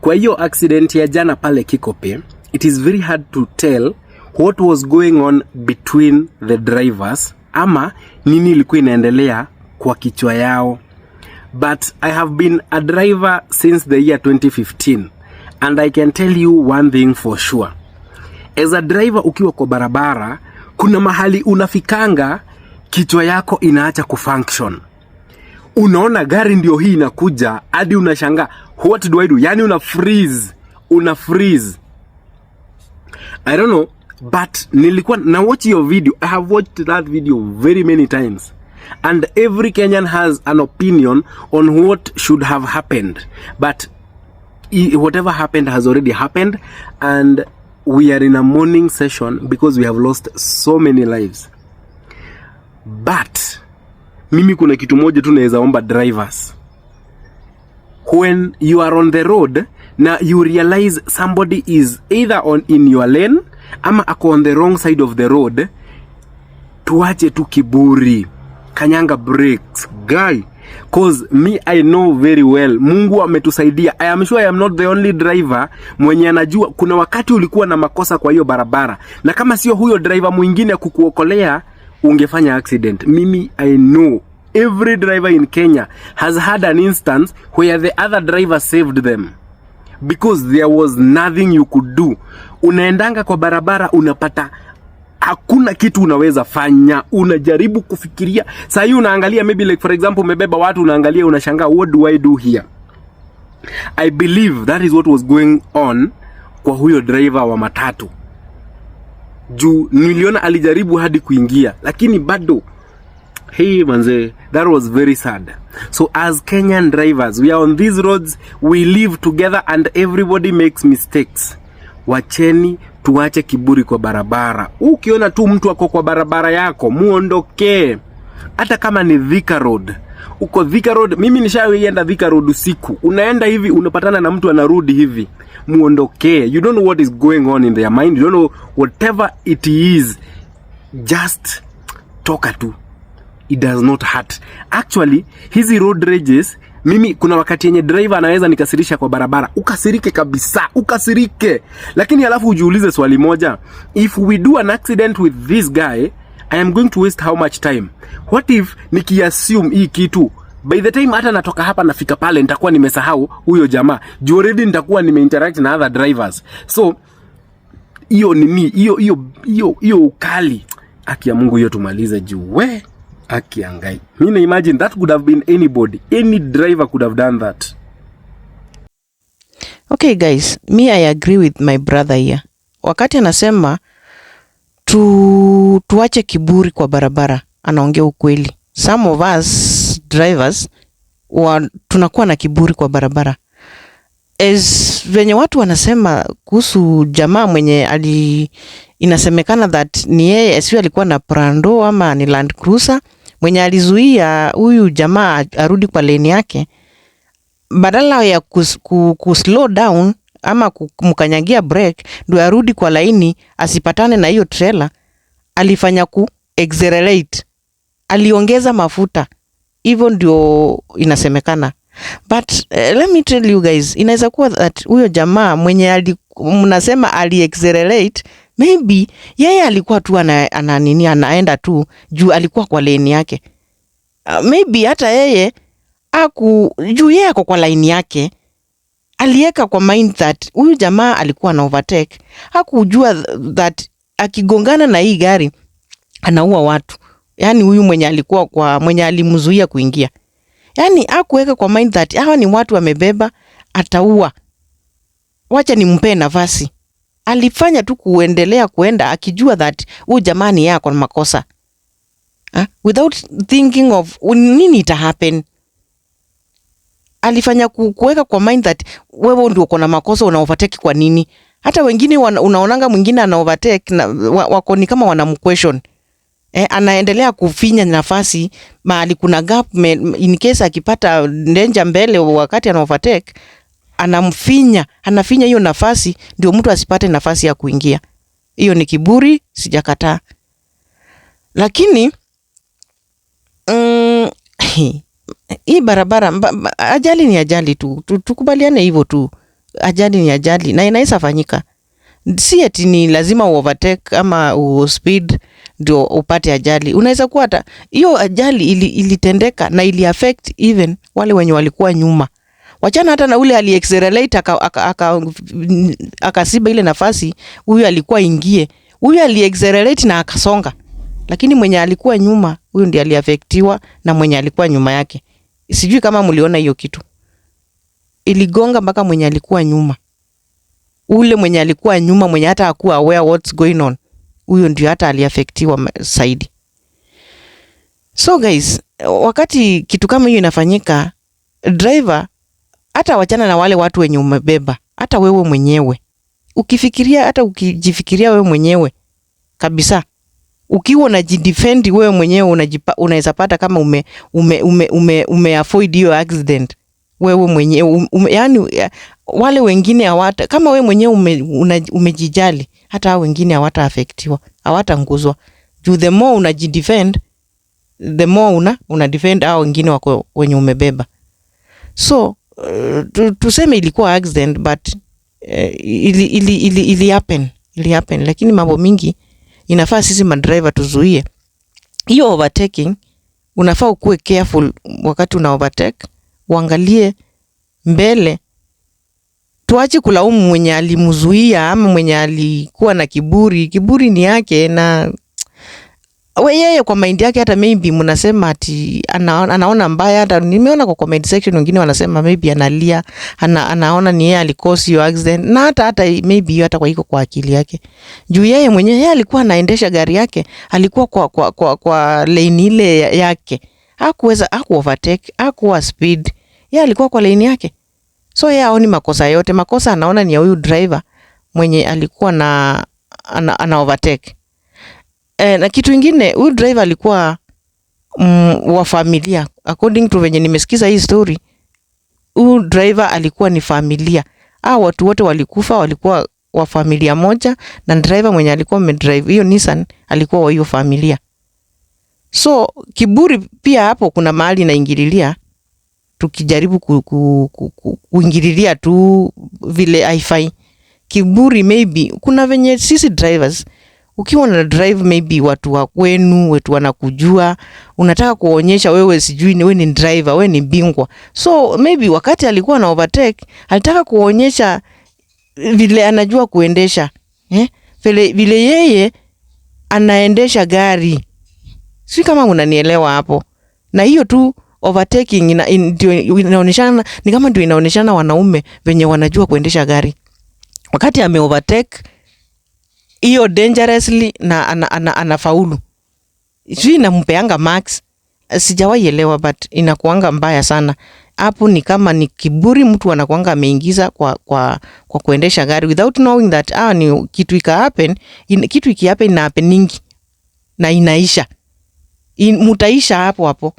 Kwa hiyo accident ya jana pale Kikope, it is very hard to tell what was going on between the drivers, ama nini ilikuwa inaendelea kwa kichwa yao, but I have been a driver since the year 2015 and I can tell you one thing for sure as a driver ukiwa kwa barabara, kuna mahali unafikanga kichwa yako inaacha kufunction. Unaona gari ndio hii inakuja hadi unashangaa what do I do? Yani una freeze, una freeze. I don't know, but nilikuwa na watch your video. I have watched that video very many times and every Kenyan has an opinion on what should have happened but whatever happened has already happened and we are in a mourning session because we have lost so many lives but mimi kuna kitu moja tu naweza omba drivers when you are on the road na you realize somebody is either on in your lane ama ako on the wrong side of the road, tuache tu kiburi, kanyanga breaks guy, cause me I know very well. Mungu ametusaidia. I am sure I am not the only driver mwenye anajua kuna wakati ulikuwa na makosa kwa hiyo barabara, na kama sio huyo driver mwingine kukuokolea, ungefanya accident. Mimi I know Every driver in Kenya has had an instance where the other driver saved them because there was nothing you could do. Unaendanga kwa barabara unapata hakuna kitu unaweza fanya, unajaribu kufikiria. Saa hii unaangalia maybe like for example, umebeba watu unaangalia, unashangaa what do I do here? I believe that is what was going on kwa huyo driver wa matatu, juu niliona alijaribu hadi kuingia, lakini bado Hey manze, that was very sad. So as Kenyan drivers, we are on these roads, we live together and everybody makes mistakes. Wacheni tuache kiburi kwa barabara. Ukiona tu mtu ako kwa barabara yako, muondokee. Hata kama ni Thika Road. Uko Thika Road, mimi nishaenda Thika Road usiku. Unaenda hivi unapatana na mtu anarudi hivi. Muondokee. You don't know what is going on in their mind. You don't know whatever it is. Just toka tu it does not hurt. Actually, hizi road rages mimi kuna wakati yenye driver anaweza nikasirisha kwa barabara, ukasirike kabisa, ukasirike, lakini alafu ujiulize swali moja, if we do an accident with this guy I am going to waste how much time? What if nikiassume hii kitu by the time hata natoka hapa nafika pale nitakuwa nimesahau huyo jamaa juu already nitakuwa nimeinteract na other drivers, so hiyo nini hiyo hiyo hiyo ukali, aki ya Mungu hiyo tumalize juu we Aki ya ngai. imagine that could have been anybody. Any driver could have done that. Okay guys, me I agree with my brother here. Wakati anasema tu, tuache kiburi kwa barabara, anaongea ukweli. Some of us drivers wa, tunakuwa na kiburi kwa barabara. As venye watu wanasema kuhusu jamaa mwenye ali, inasemekana that ni yeye, sio alikuwa na Prado ama ni Land Cruiser mwenye alizuia huyu jamaa arudi kwa leni yake, badala ya ku kus, down ama kumkanyagia break ndio arudi kwa laini asipatane na hiyo trailer, alifanya ku accelerate, aliongeza mafuta. Hivyo ndio inasemekana, but uh, let me tell you guys, inaweza kuwa that huyo jamaa mwenye ali, mnasema ali accelerate maybe yeye alikuwa tu ana, ana nini anaenda tu juu alikuwa kwa laini yake. Uh, maybe hata yeye aku juu yeye ako kwa laini yake aliweka kwa mind that huyu jamaa alikuwa na overtake, hakujua that akigongana na hii gari anaua watu. Yani huyu mwenye alikuwa kwa mwenye alimzuia kuingia, yani akuweka kwa mind that hawa ni watu wamebeba, ataua, wacha nimpee nafasi alifanya tu kuendelea kuenda akijua that huyu jamani yako na makosa ha? Ah, without thinking of nini ita happen. Alifanya kuweka kwa mind that wewe ndio uko na makosa, una overtake kwa nini? Hata wengine unaonanga mwingine ana overtake na wako ni kama wana question eh, anaendelea kufinya nafasi mahali kuna gap in case akipata danger mbele wakati ana overtake anamfinya, anafinya hiyo nafasi ndio mtu asipate nafasi ya kuingia. Hiyo ni kiburi, sijakataa, lakini mm, hii barabara mba, ajali ni ajali tu, tukubaliane hivyo tu. Ajali ni ajali na inaweza fanyika, si eti ni lazima uovertake ama uspeed ndio upate ajali. Unaweza kuwa hata hiyo ajali ili, ilitendeka na ili affect even wale wenye walikuwa nyuma. Wachana hata na ule aliaccelerate akasiba ile nafasi, huyu alikuwa ingie, huyu aliaccelerate na akasonga, lakini mwenye alikuwa nyuma, huyu ndiye aliafektiwa na mwenye alikuwa nyuma yake. Sijui kama mliona hiyo kitu, iligonga mpaka mwenye alikuwa nyuma, ule mwenye alikuwa nyuma, mwenye hata hakuwa aware what's going on, huyo ndio hata aliafektiwa zaidi. So guys, wakati kitu kama hiyo inafanyika, driver hata wachana na wale watu wenye umebeba, hata wewe mwenyewe ukifikiria, hata ukijifikiria wewe mwenyewe kabisa, ukiwa unajidefend wewe mwenyewe unaweza pata kama ume, ume, ume, ume, ume avoid hiyo accident wewe mwenyewe um, ume, yani ya, wale wengine hawata kama wewe mwenyewe ume, umejijali hata hao wengine hawata affectiwa hawata nguzwa juu, the more unajidefend the more una una defend hao wengine wako wenye umebeba so Eh, tu, tuseme ilikuwa accident but uh, ili, ili, ili, ili happen ili happen, lakini mambo mingi inafaa sisi madriver tuzuie hiyo overtaking. Unafaa ukuwe careful wakati una overtake, uangalie mbele, tuache kulaumu mwenye alimzuia ama mwenye alikuwa na kiburi. Kiburi ni yake na we yeye kwa mind yake, hata maybe mnasema ati ana, anaona mbaya. Hata nimeona kwa comment section wengine wanasema maybe analia ana, anaona ni yeye alikosi hiyo accident, na hata hata maybe hiyo hata kwa iko kwa akili yake juu yeye mwenyewe yeye alikuwa anaendesha gari yake, alikuwa kwa kwa kwa, kwa lane ile yake, hakuweza haku overtake hakuwa speed, yeye alikuwa kwa lane yake, so yeye aoni makosa yote. Makosa anaona ni ya huyu driver mwenye alikuwa na ana, ana overtake E, na kitu ingine huyu driver alikuwa mm, wa familia according to venye nimesikiza hii story, huyu driver alikuwa ni familia ah, watu wote walikufa walikuwa wa familia moja, na driver mwenye alikuwa amedrive hiyo Nissan alikuwa wa hiyo familia. So kiburi pia hapo kuna mahali naingililia, tukijaribu ku, ku, ku, ku, kuingililia tu vile haifai kiburi, maybe kuna venye sisi drivers ukiwa na drive maybe watu wa kwenu wetu wanakujua, unataka kuonyesha wewe, sijui ni wewe ni driver, wewe ni bingwa. So maybe wakati alikuwa na overtake alitaka kuonyesha vile anajua kuendesha eh, vile vile yeye anaendesha gari, si kama unanielewa hapo. Na hiyo tu overtaking ina, in, inaoneshana ni kama ndio inaonyeshana wanaume venye wanajua kuendesha gari wakati ame overtake hiyo dangerously na ana, ana, anafaulu sijui inampeanga max, sijawahi elewa, but inakuanga mbaya sana hapo. Ni kama ni kiburi mtu anakuanga ameingiza kwa, kwa, kwa kuendesha gari without knowing that ah, ni kitu ika happen in, kitu iki happen ina happen nyingi na inaisha in, mutaisha hapo hapo.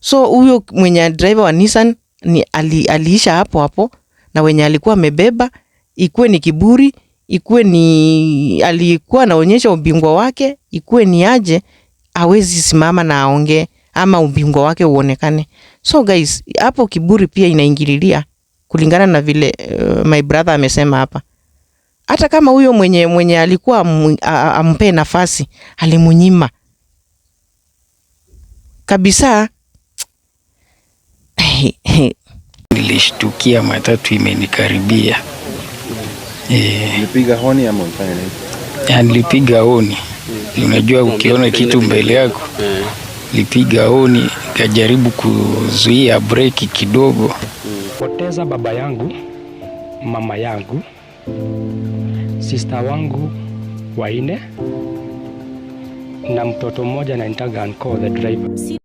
So huyo mwenye driver wa Nissan ni ali, aliisha hapo hapo, na wenye alikuwa amebeba ikuwe ni kiburi ikuwe ni alikuwa anaonyesha ubingwa wake, ikuwe ni aje, awezi simama na aonge ama ubingwa wake uonekane. So guys, hapo kiburi pia inaingililia kulingana na vile uh, my brother amesema hapa. Hata kama huyo mwenye mwenye alikuwa ampe nafasi alimunyima kabisa. Nilishtukia matatu imenikaribia. Nilipiga eh. honi ama nilipiga honi. Unajua ukiona kitu mbele yako lipiga honi, kajaribu kuzuia breki kidogo. Poteza baba yangu, mama yangu, sista wangu waine na mtoto mmoja naitaga, the driver